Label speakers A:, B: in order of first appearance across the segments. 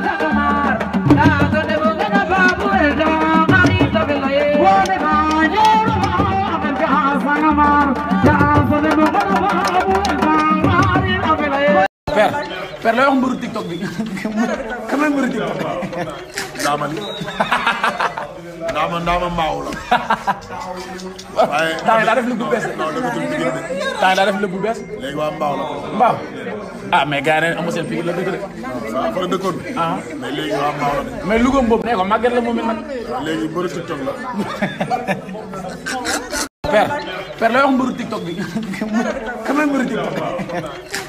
A: per per looy wax mburu tiktok bi kan mooy mburu tiktok ndaama ndaama mbaaw la. waaye temps daa def lu bu bees de. non dama tudd def lu bu mbaaw ah mais gars yi amu seen Pikine la ah, dëkk ah. waa mbaaw la de. mais Louga boobu. nee ko màgget la moom it nag. Ah, TikTok la. père père lay wax TikTok bi. kan TikTok.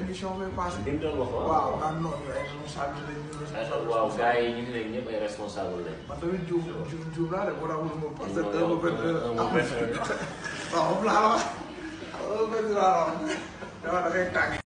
A: émission bi passé. li mu doon wax waaw waaw non non ay responsable lañ ñu responsable. waaw gars yi ñu ngi léegi ñëpp ay responsable lañ. man tamit jiw jiw jiw laa rek war a wut moom. parce que heure bu benn heure amul waaw moom laa wax heure bu benn laa wax dama dafay tàng.